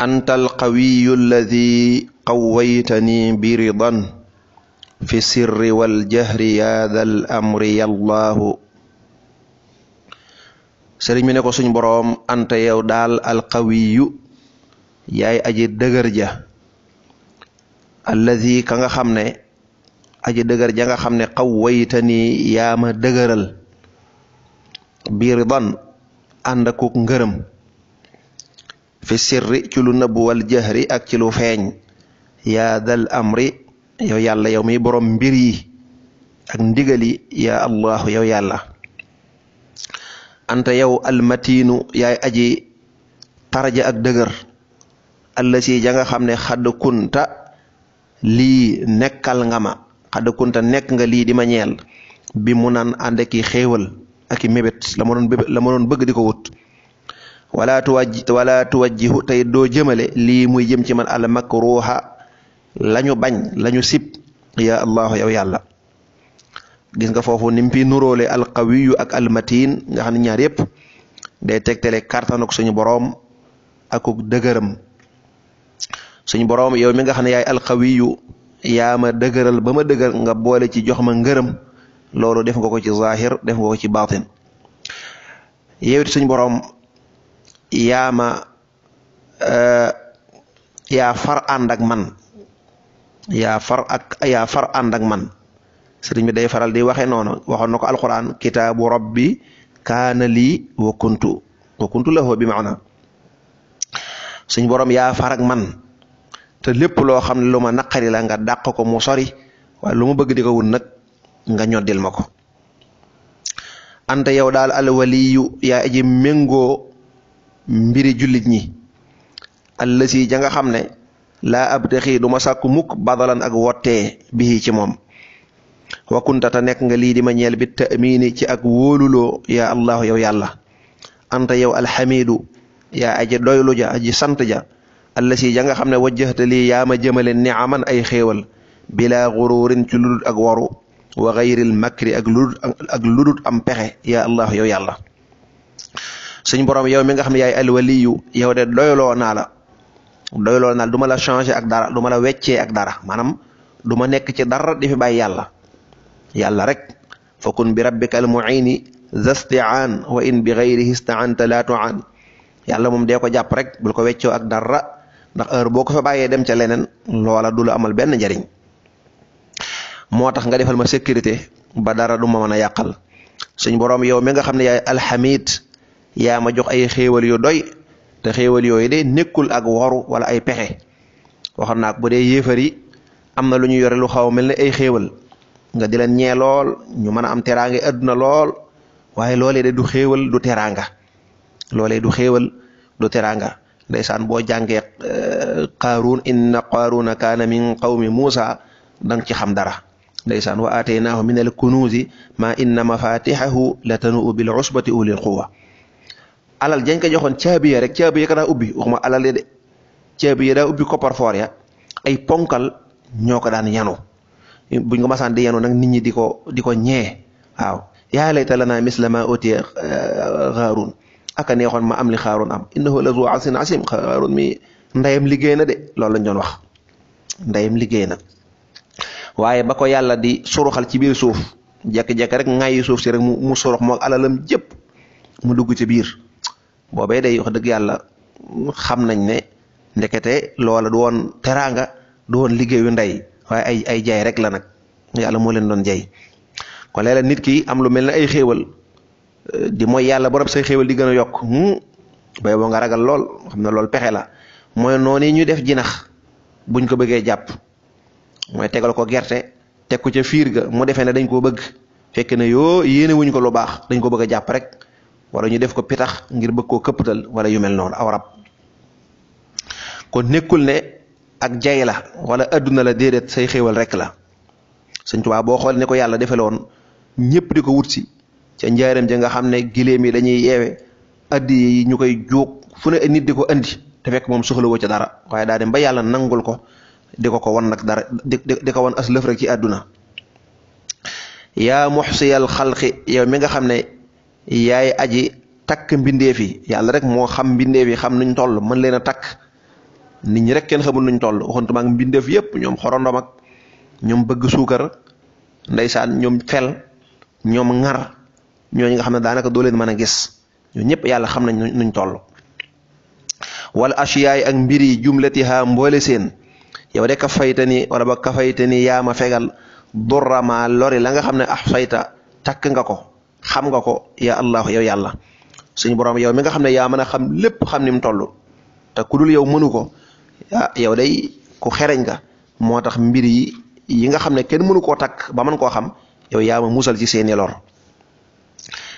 anta alqawiyu alladi qawwaytani biridan fi sirri waljahri ya dal amri yallaahu sëriñ bi ne ko suñ boroom anta yow daal alqawiyu yaay aji dëgër ja alladi ka nga xam ne aji dëgër ja nga xam ne qawwaytani yaa ma dëgëral biridan ànd akuk ngërëm fi sirri ci lu nëbb wal jahri ak ci lu feeñ yaa dal amri yow yàlla yow mi borom mbir yi ak ndigali yaa allahu yow yàlla anta yow matinu yaay aji taraja ak dëgër alla si xam ne xadd kunta lii nekkal nga ma xadd nekk nga lii di ma ñeel bi mu naan ànd ki xéewal ak i la ma doon bëgg di ko wut wala tuwaj wala tuwajjihu tey doo jëmale lii muy jëm ci man al makruha la bañ lañu ñu sib ya allahu yow yàlla gis nga foofu ni mu fi nuróole alqawiyu ak almatin nga xam ne ñaar yëpp day tegtale kartanuk suñu boroom akuk dëgëram suñu boroom yow mi nga xam ne yaay alqawiyu yaa ma ba ma dëgër nga boole ci jox ma ngërëm loolu def nga ko ci zahir def nga ci baatin yow it boroom yaa ma euh, yaa far ànd ak man yaa far ak man sëriñ bi day faral di waxe noonu waxoon na ko alquran kitaabu rabbi kaana lii wa kuntu wa bi maana suñ borom yaa farak man te lépp loo xam ne lu ma naqari nga dàq ko mu sori waaye lu mu bëgg di ko wun nag nga ñoddil ma ko anta yow daal alwaliyu yaa aji méngoo mbiri jullit ñi allasi ja xam ne laa abtaxi du ma sàkku mukk badalan ak wottee bii ci moom wa nekk nga lii di ma ñeel bi taamini ci ak wóoluloo yaa allahu yow yàlla anta yow alxamidu yaa aji doylu ja aji sant ja allasi ja nga xam ne wajjahta lii yaa ma jëmale ay xéewal bila gururin ci ludut ak waru wa gayril makri ak ludut am pexe yaa allahu yow yàlla suñ borom yow mi nga xam ne yaay alwaliyu yow de doyloo naa la doyloo naa la du la changé ak dara du ma la weccee ak dara maanaam du ma nekk ci dara di fi bàyyi yàlla yàlla rek fakun bi rabbika al muini zastiaan wa in bi gayrihi istaanta laa tuaan yàlla moom dee ko jàpp rek bul ko weccoo ak dara ndax heure boo ko fa bàyyee dem ca leneen loola du la amal benn njariñ moo tax nga defal ma sécurité ba dara du ma mën a yàqal suñ borom nga xam ne yaay yaa ma jox ay xéewal yu doy xéewal yooyu de nekkul ak waru wala ay pexe waxoon naa bu dee yéefar am na lu ñu yore lu xaw mel ne ay xéewal nga di leen ñee lool ñu mën a am teraanga adduna lool waaye loolee de du xéewal du teraanga loolee du xéewal du teraanga ndeysaan boo jàngee euh, qaaruun inna qaaruuna kaana min qawmi muusa danga ci xam dara ndeysaan wa aataynaahu min al kunuuzi ma inna mafatixahu la tanu'u a usbati ulil quwa alal jañ ko joxoon caabi ya rek caabi ya ka daa ubbi waxuma alal ya de caabi ya ay ponkal ñoo ko daan yanu buñ ko masaan di yanu nag nit ñi di ko di ko ñee waaw yaa layta na misla maa utiya xaaruun aka neexoon ma am li xaaruun am innahu lazu asin asim xaaruun mi ndeyam liggéey na de loolu lañ doon wax ndeyam liggéey na waaye ba ko yàlla di suruxal ci biir suuf jekk-jekk rek ngay suuf si rek mu surux moo alalam jëpp mu dugg ci biir boobee day wax dëgg yàlla xam nañ ne ndekete loola du woon teraanga du woon liggéeyu nday waaye ay ay jaay rek la nag yàlla moo leen doon jaay kon léeg-léeg nit ki am lu mel ne ay xéewal euh, di mooy yàlla borom say xéewal di gën a yokk hmm, bay boo nga ragal lool xam na loolu pexe la mooy noonu ñuy def jinax buñ ko bëggee jàpp mooy tegal ko gerte teg ko fiir ga mu defee na dañ koo bëgg fekk ne yoo yéene wuñ ko lu baax dañ ko bëgg a jàpp rek wala ñu def ko pitax ngir bëgg koo këppatal wala yu mel noonu aw rab kon nekkul ne ak jay la wala adduna la déedéet sey xéewal rek la Sëñ Tuubaa boo xool ne ko yàlla defee woon ñëpp di ko wut si ca njaaram ja nga xam ne giléem yi dañuy yeewe addi yi ñu koy juug fu ne nit di ko andi te fekk moom soxlawoo ca dara waaye daa dem ba yàlla nangul ko di ko ko won nag dara ko wan as lëf rek ci àdduna yaa muxsiyal xalqi yow mi nga xam ne yaay aji takk mbindeef yi yàlla rek moo xam mbindeef yi xam nuñ toll mën leen a takk nit ñi rek kenn xamul nuñ toll waxantuma ak mbindeef yépp ñoom xorondom ak ñoom bëgg suukar ndeysaan ñoom fel ñoom ŋar ñooñu nga xam ne daanaka doo leen mën a gis ñoo ñëpp yàlla xam nañ nuñ toll wala asiyaay ak mbir yi jumlatiha mboole seen yow de kafayta ni wala ba kafayta fegal durama lori la nga xam ne ahsayta takk nga ko xam nga ko yaa allah yow yàlla suñu boroom yow mi nga xam ne yaa mën a xam lépp xam ni mu toll te ku dul yow mënu ko ah yow day ku xereñ nga moo tax mbir yi yi nga xam ne kenn mënu koo takk ba man koo xam yow yaa ma musal ci seeni lor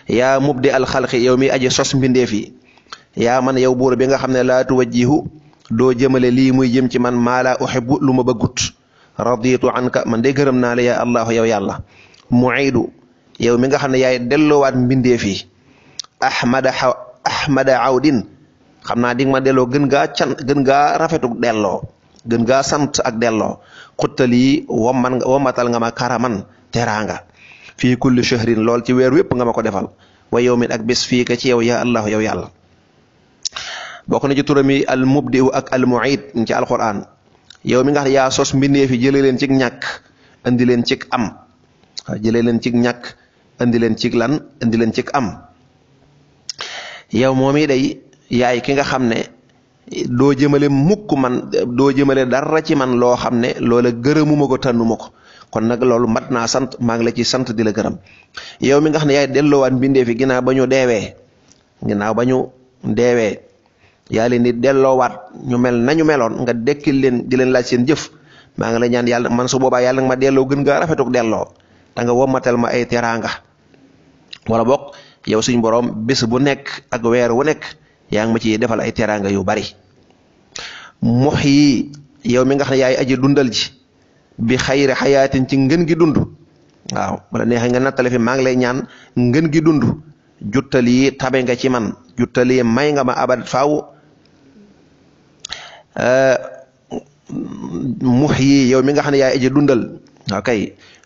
yaa mub de xalqi yow mi aji sos mbindeef yi yaa man yow buur bi nga xam ne laa tuwajjihu doo jëmale lii muy jëm ci man maa laa uhibbu lu ma bëggut raditu anka man de gërëm naa la yaa allah yow yàlla muidu yow mi nga xam ne yaay delloowaat mbindeef yi ahmada ahmada awdin xam naa di ma delloo gën gaa can gën gaa rafetuk delloo gën gaa sant ak delloo xuttalii wamman wammatal nga ma karaman teraanga fii kulli shahrin lool ci weer wépp nga ma ko defal wa yawmin ak bés fii ka ci yow yaa allahu yow yàlla bokk na ci turam yi al mubdiu ak al muid ci alquran yow mi nga xam ne yaa sos mbindeef yi jëlee leen cig ñàkk andi leen cig am jëlee leen cig ñàkk indi leen cig lan indi leen cig am yow moom yi day yaay ki nga xam ne doo jëmale mukk man doo jëmale dara ci man loo xam ne loola gërëmuma ko tànnuma ko kon nag loolu mat naa sant maa ngi la ci sant di gërëm yow mi nga xam ne yaay delloowaat mbindee fi ginnaaw ba ñu deewee ginnaaw ba ñu deewee yaa leen di delloowaat ñu mel na nañu meloon nga dekkil leen di leen laaj seen jëf maa ngi la ñaan yàlla man su boobaa yàlla nga ma delloo gën ngaa rafetuk delloo da nga womatal ma ay teraanga wala bokk yow suñu boroom bés bu nekk ak weer wu nekk yaa ngi ma ci defal ay teraanga yu bari mux yi yow mi nga xam yaay aji dundal ji bi xayri ci ngën gi dund waaw wala neexee nga nattale fi maa ngi lay ñaan ngën gi dund juttali tabe nga ci man juttali may nga ma abad faaw mux yi yow mi nga xam ne yaay aji dundal ok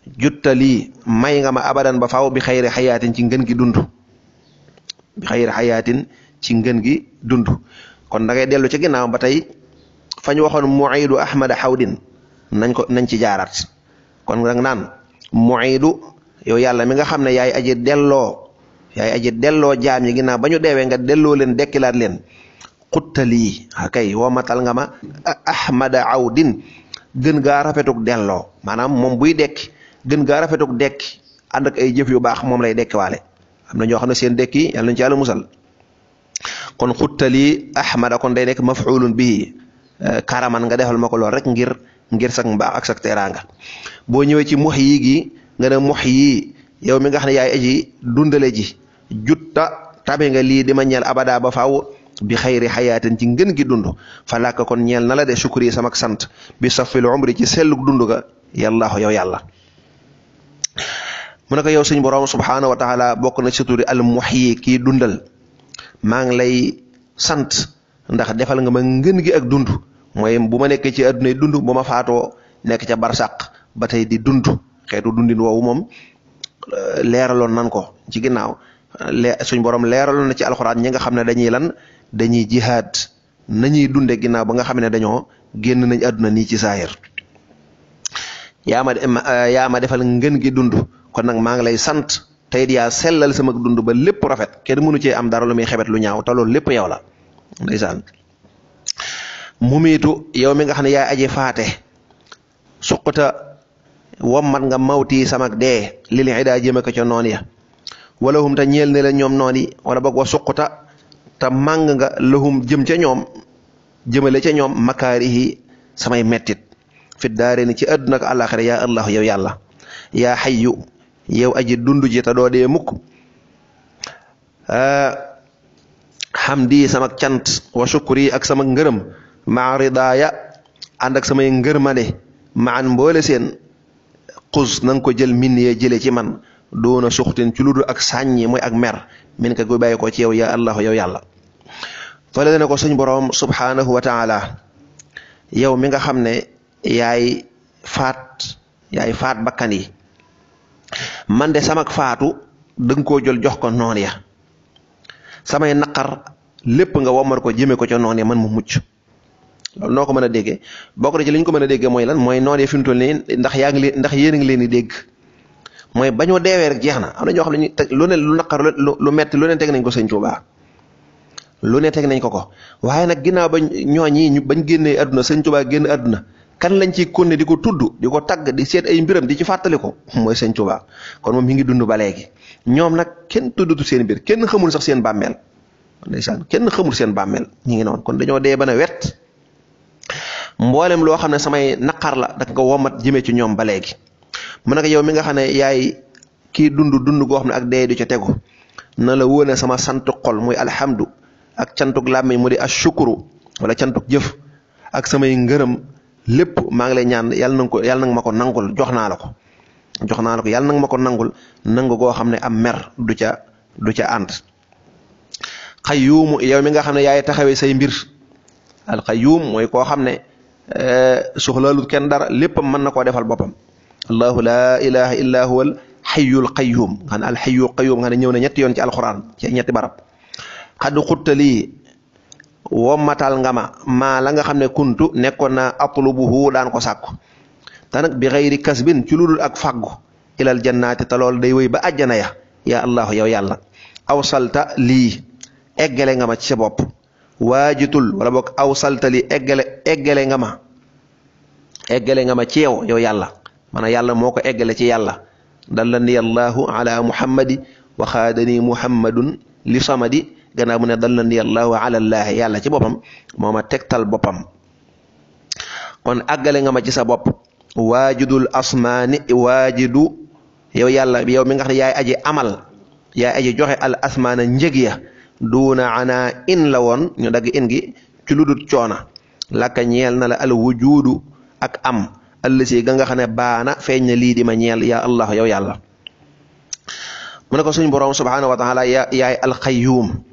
juttali may nga ma abadan ba faaw bi xayri xayaatin ci ngën gi dund bi xayri xayaatin ci ngën gi dund kon da ngay dellu ci ginnaaw ba tey fa ñu waxoon muidu ahmada xawdin nañ ko nañ ci jaaraat kon da nga naan muidu yow yàlla mi nga xam ne yaay aji delloo yaay aji delloo jaam yi ginnaaw ba ñu deewee nga delloo leen dekkilaat leen xuttalii akay ah matal nga ma ahmada awdin gën gaa rafetuk delloo maanaam moom buy dekki gën gaa rafetuk dekki ànd ay jëf yu baax moom lay dekkiwaale am na ñoo xam ne seen dekki yàlla nañu ci musal kon xuttali ahmada kon day nekk mafulun bii eh, karaman nga defal ma ko lool rek ngir ngir sak baax ak sak teraanga boo ñëwee ci mux yi gi nga ne mux yi yow mi nga xam ne yaay aji dundale ji jutta tabe nga lii di ma ñeel abada ba faaw bi xayri xayaatin ci ngën gi dund falaka kon ñeel na la de sukuri samak sant bi safil umri ci selluk dund ga yàllaahu yàlla mu ne ko yow suñu borom subhaanahu wa taala bokk na ci turi al muhyi kii dundal maa ngi lay sant ndax defal nga ma ngën gi ak dund mooy bu ma nekkee ci addunay dund bu ma faatoo nekk ca barsàq ba tey di dund xeetu dundin woowu moom euh, leeraloon nan ko ci ginnaaw le suñ borom leeraloon na ci alxuraan ñi nga xam ne dañuy lan dañuy jihaad nañuy dunde ginnaaw ba nga xam ne dañoo génn nañ àdduna nii ci saayir yaa ma yaa ma defal ngën gi dund kon nag maa ngi lay sant tey it sellal sama dund ba lépp rafet kenn mënu cee am dara lu muy xebet lu ñaaw ta loolu lépp yow la ndeysaan mumiitu yow mi nga xam ne yaay aje faate suquta wommat nga mawti samak dee li li daa ko ca noon ya wala hum ñoom noon wala boog wa suquta màng nga lahum jëm ca ñoom jëmale ca ñoom makaarihi samay mettit fit daare ni ci àdduna ak àllaaxira yaa allahu yow yàlla yaa xayyu yow aji dund ji te doo dee mukk ah, di samak cant wa shukri ak samak ngërëm ma ridaaya ànd ak samay ngërmande maan mboole seen xus nan ko jël min yee jëlee ci man doona suxtin ci ludu ak sàññi mooy ak mer min ka gu bàyyi ko ci yow ya allahu yow yàlla fële na ko suñ boroom subhanahu wa taala yow mi nga xam ne yaay faat yaay faat yi man de samak faatu danga koo jël jox ko noon ya samay naqar lépp nga womar ko jëmee ko ca noon ya man mu mucc loolu noo ko mën a déggee bokk na ci li ñu ko mën a déggee mooy lan mooy noon ya fi mu toll nii ndax yaa ngi leen ndax yéen a leen di dégg mooy bañoo deewee rek jeex na am na jox xam ne ñu teg lu ne lu naqar lu metti lu ne teg nañ ko sëñ Tuubaa lu ne teg nañ ko ko waaye nag ginnaaw ba ñooñi ñu bañ génnee àdduna sëñ Tuubaa génn àdduna kan lañ ci konne di ko tudd di ko tagg di seet ay mbiram di ci fàttali ko mooy sëñ Tuubaa kon moom mi ngi dund ba léegi ñoom nag kenn tuddatu seen biir kenn xamul sax seen bàmmeel ndeysaan kenn xamul seen bàmmeel ñu ngi noon kon dañoo dee ba na wet mboolem loo xam ne samay naqar la da nga womat jëmee ci ñoom ba léegi mun ne ko yow mi nga xam ne yaay kii dund dund goo xam ne ak dee du ca tegu na la wóone sama santu xol muy alhamdu ak cantuk làmmiñ mu di ashukuru wala cantuk jëf samay ngërëm lépp maa ngi lay ñaan yàlla na ko yàlla na ma ko nangul jox naa la ko jox naa la ko yàlla ma ko nangul nangu goo xam ne am mer du ca du ca ànd xayuumu yow mi nga xam ne yaay taxawe say mbir alxayuum mooy koo xam ne eh, soxlaalut kenn dara léppam mën na koo defal boppam allahu laa ilaha illa huwa al xayul qayuum nga xam ne alxayul qayuum nga xam ne ñëw na ñetti yoon ci alquran ci ñetti barab xad xutta wommatal nga ma maa la nga xam ne kuntu nekkoon na naa atlubuhu daan ko sàkku te nag bi xayri kasbin ci ludul ak fàggu ilal jannaati te loolu day wéy ba àjjana ya yaa allahu yow yàlla aw salta lii eggale nga ma ci sa bopp waajitul wala salta lii eggale eggale nga ma eggale nga ma ci yow yow yàlla maanaam yàlla moo ko eggale ci yàlla dallani allahu muhammadi wa xaadani muhammadun li samadi gannaaw mu ne dalla ni allahu alallaahi yàlla ci boppam moo ma tegtal boppam kon àggale nga ma ci sa bopp waajidul asmaani waajidu yow yàlla yow mi nga xam yaay aji amal yaay aji joxe al asmaana njëg ya duuna ana in la woon ñu dagg in gi ci ludut coona lakka ñeel na la al wujudu ak am allësi ga nga xam ne baana feeñ na lii di ma ñeel yaa allah yow yàlla mu ne ko suñ boroom subhaanahu wa taala yaay alqayyuum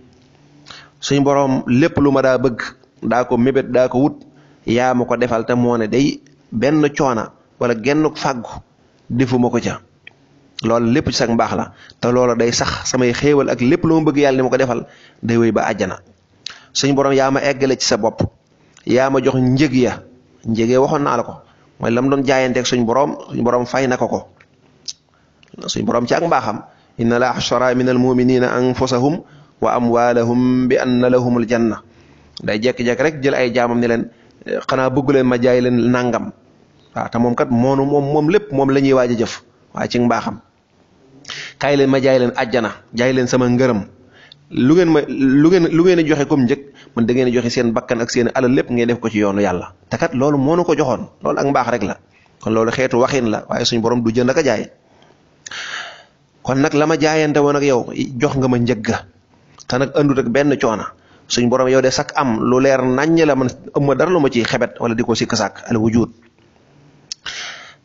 suñ boroom lépp lu ma daa bëgg daa ko mébét daa ko wut yaa ma ko defal te moo ne day benn coona wala genn fàggu defuma ko ca loolu lépp ci sax mbaax la te loola day sax samay xéewal ak lépp lu ma bëgg yàlla ni ma ko defal day wéy ba àjjana suñ boroom yaa ma eggale ci sa bopp yaa ma jox njëg ya njëgee waxoon naa la ko mooy lam doon jaayanteeg suñ boroom suñ boroom fay na ko ko suñ boroom ci ak mbaaxam inna laa xashara min al muminina wa amwaalahum bi anna jan na day jekki-jekki rek jël ay jaamam ni leen eh, xanaa bëggu leen ma jaay leen nangam waaw te moom kat moonu moom moom lépp moom la ñuy waaj a jëf waaye ci mbaaxam kaay leen ma jaay leen ajjana jaay leen sama ngërëm lu ngeen ma lu ngeen lu ngeen a joxe comme njëkk man da ngeen joxe seen bakkan ak seen alal lépp ngeen def ko ci yoonu yàlla te kat loolu moo nu ko joxoon loolu ak mbaax rek la kon loolu xeetu waxin la waaye suñu borom du jënd ak a jaay kon nag la ma jaayante woon ak yow jox nga ma njëgga te nag àndut ak benn coona suñ borom yow de sak am lu leer naññ la man ëmma dara lu ma ciy xebet wala di ko sikk sàkk al wujud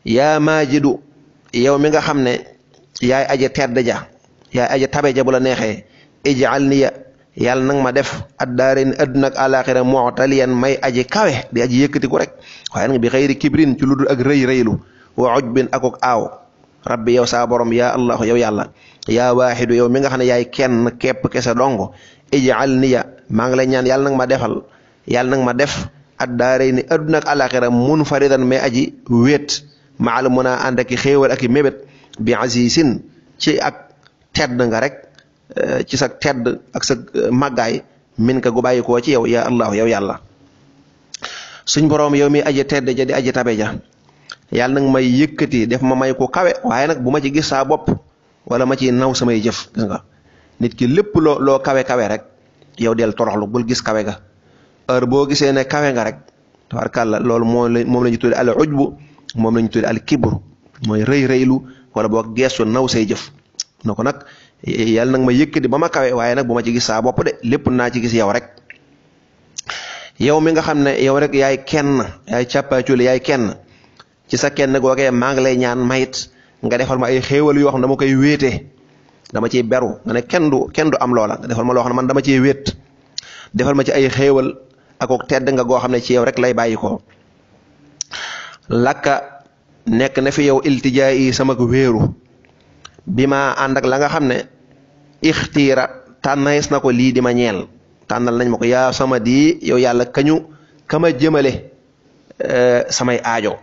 yaa du yow mi nga xam ne yaay aje tedd ja yaay aje tabe ja bu la neexee ijaal niya yàlla nag ma def addaarin adduna ak alaxira mu'taliyan may aji kawe di aji yëkkatiku rek waaye nag bi xëy kibrin ci lu dul ak rëy rëylu wa ujbin akok aaw rabbi yow saa borom yaa allahu yow yàlla yaa waaxidu yow mi nga xam ne yaay kenn képp kese dongo ijaal niya maa ngi lay ñaan yàlla nag ma defal yàlla nag ma def ad daaray ni adduna ak alaxira mun faridan mais aji wéet maal mun a ànd ak i xéewal ak i mébét bi asisin ci ak tedd nga rek eh, ci sa tedd ak sa eh, màggaay min ka gu bàyyi koo ci yow yaa allahu yow yàlla suñ borom yow mi aji tedd ja di aji tabe yàlla nag may yëkkati def ma may ko kawe waaye nag bu ma ci gis saa bopp wala ma ci naw samay jëf gis ki lépp loo loo kawe kawe rek yow del toroxlu bul gis kawe ga boo gisee ne kawe nga rek tabarkàlla loolu moo la la ñu tudde al ujbu moom la ñu al kibru mooy rëy rëylu wala boo geestu naw say jëf na nag yàlla nag ma yëkkati ba ma kawe waaye nag bu ma ci gis saa bopp de lépp naa ci gis yow rek yow mi nga xam ne yow rek yaay kenn yaay càppaacule yaay kenn ci sa kenn googee maa ngi lay ñaan mayit nga defal ma ay xéewal yoo xam ne dama koy wéete dama ciy beru nga ne kenn du kenn du am loola nga defal ma loo xam man dama ciy wéet defal ma ci ay xéewal akook tedd nga goo xam ne ci yow rek lay bàyyi ko lakka nekk na fi yow iltijaa yi sama wéeru bi ma ànd ak la nga xam ne ixtiira tànnees na ko lii di ma ñeel tànnal nañ ma ko yaa sama di yow yàlla kañu kama jëmale euh, samay aajo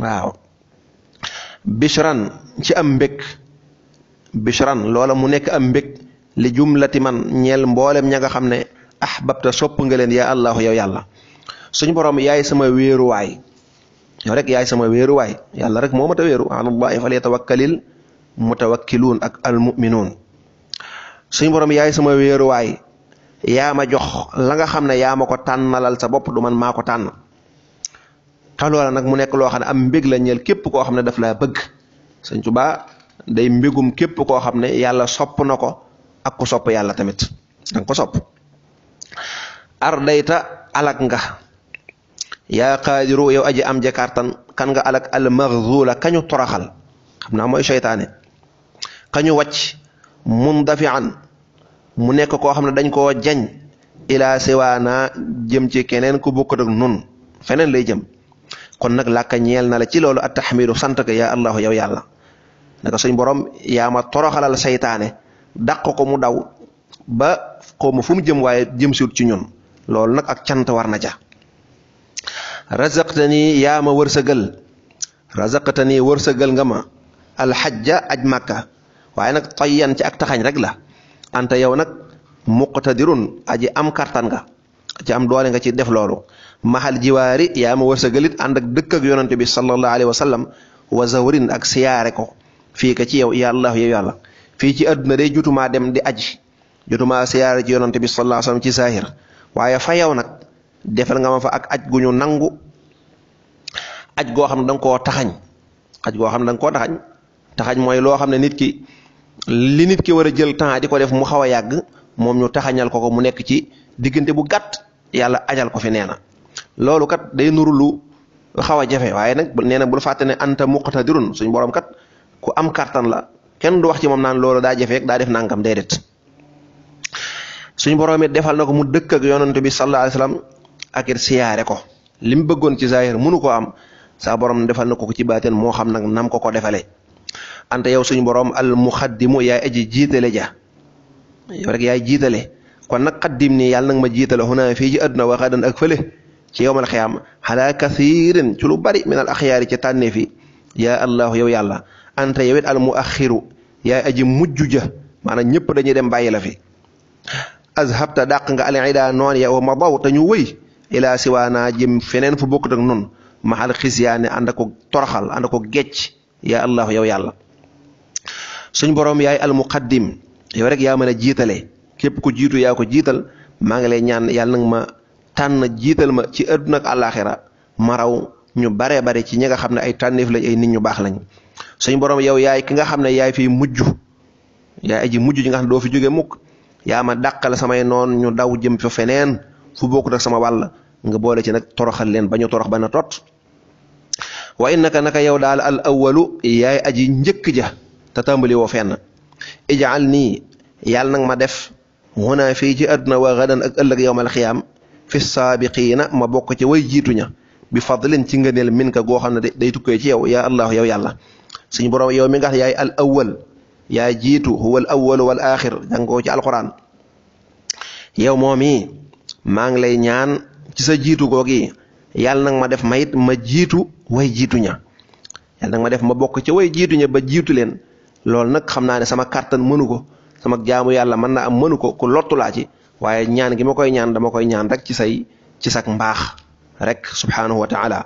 waaw bishran ci am mbég bishran loola mu nekk am mbég li jumlati man ñeel mboolem ña nga xam ne ahbabta sopp nga leen yaa allahu yow yàlla suñu borom yaay sama wéeruwaay yow rek yaay sama wéeruwaay yàlla rek moo mat a wéeru alallahi falyatawakkalil mutawakkiluun ak almuminuun suñu borom yaay sama wéeruwaay yaa ma jox la nga xam ne yaa ma ko tànnalal sa bopp du man maa ko tànn te loola mu nekk loo xam ne am mbég la ñeel képp koo xam ne daf laa bëgg sëñ Tuubaa day mbégum képp koo xam ne yàlla sopp na ko ak ku sopp yàlla tamit danga ko sopp ardayta alak nga yaa qaadiru yow aji am jakartan kan nga alak al maxzuula kañu toraxal xam naa mooy seytaane kañu wàcc mundafian mu nekk koo xam ne dañ koo jañ ilaa siwaana jëm ci keneen ku bokkut nun feneen lay jëm kon nag làkka ñeel na la ci loolu at taxmidu sant ko yaa allahu yow yàlla naka suñ borom yaa ma toroxalal seytaane dàq ko mu daw ba xaw ma fu mu jëm waaye jëm siwut ci ñun loolu nag ak cant war na ja razaqtani yaa ma wërsëgal razaqtani wërsëgal nga ma alxajja aj màkka waaye nag tayyan ci ak taxañ rek la anta yow nag muqtadirun aji am kartan nga ci am doole nga ci def loolu maxal jiwaari yaa ma wërsëgalit ànd ak dëkk ak yonante bi sallallahu alayhi wa sallam wa zawrin ak siyaare ko fii ka ci yow yàllaahu yow yàlla fii ci àdduna day jotumaa dem di aj jotumaa siyaare ci yonante bi sallallahu alayhi wa sallam ci zahir waaye fa yow nag defal nga ma fa ak aj gu ñu nangu aj goo xam ne da nga taxañ aj goo xam ne da nga koo taxañ mooy loo xam ne nit ki li nit ki war a jël temps di ko def mu xaw a yàgg moom ñu taxañal ko ko mu nekk ci diggante bu gàtt yàlla ajal ko fi nee na loolu kat day nuru lu xaw a jafe waaye nag nee na bul fàtte ne anta muqtadirun suñ boroom kat ku am kàttan la kenn du wax ci moom naan loolu daa jafe daa def nangam déedéet suñ borom it defal na ko mu dëkk ak yonent bi sallallahu alayhi ko li mu bëggoon ci zahir mënu ko am saa borom defal na ko ko ci baateen moo xam nag nam ko ko defalee anta yow suñu borom al muxaddimu yaay aji jiitale ja yow rek yaay jiitale kon nag xaddim nii yàlla nag ma jiitale xunaa fii ci àdduna waxaadan ak fële. ci yowmal xiyaam xalaa kathirin ci lu bari min al axyaari ci tànneef yi yaa allahu yow yàlla anta yowit al mu axiru yaay aji mujj ja maanaam ñëpp dañuy dem bàyyi la fi azhabta daq nga al ida noon ya wa madaw te ñu wëy ilaa siwaanaa jëm feneen fu bokkut ak nun maxal xisyaane ànd ak ko toroxal ànd ko gecc yaa allahu yow yàlla suñ boroom yaay al muqaddim yow rek yaa mën a jiitale képp ku jiitu yaa ko jiital maa ngi lay ñaan yàlla nag tànn jiital ma ci àdduna ak àllaaxira ma raw ñu baree bare ci ñi nga xam ne ay tànneef lañ ay nit ñu baax lañ suñ borom yow yaay ki nga xam ne yaay fi mujj yaay aji mujj ji nga xam ne doo fi jóge mukk yaa ma dàqal samay noon ñu daw jëm fa feneen fu bokk ak sama wàll nga boole ci nag toroxal leen ba ñu torox ba na tot wa innaka naka yow daal al awwalu yaay aji njëkk ja te tàmbali woo fenn ijaal nii yàlla nag ma def hunaa fii ci àdduna wa gadan ak ëllëg yowmal xiyaam fi saabiqiina ma bokk ci way jiitu ña bi fadlin ci ngëneel min ka goo xam ne day tukkee ci yow yaa allah yow yàlla suñu borom yow mi nga xam yaay al awwal yaay jiitu wal al awwal wal axir jàngoo ci alquran yow moom i maa ngi lay ñaan ci sa jiitu googi yàlla nag ma def ma it ma jiitu way jiitu ña yàlla nag ma def ma bokk ci way jiitu ña ba jiitu leen loolu nag xam naa ne sama kàttan mënu ko sama jaamu yàlla mën naa am mënu ko ku lottu laa ci waaye ñaan gi ma koy ñaan dama koy ñaan rek ci say ci sak mbaax rek subhanahu wa ta'ala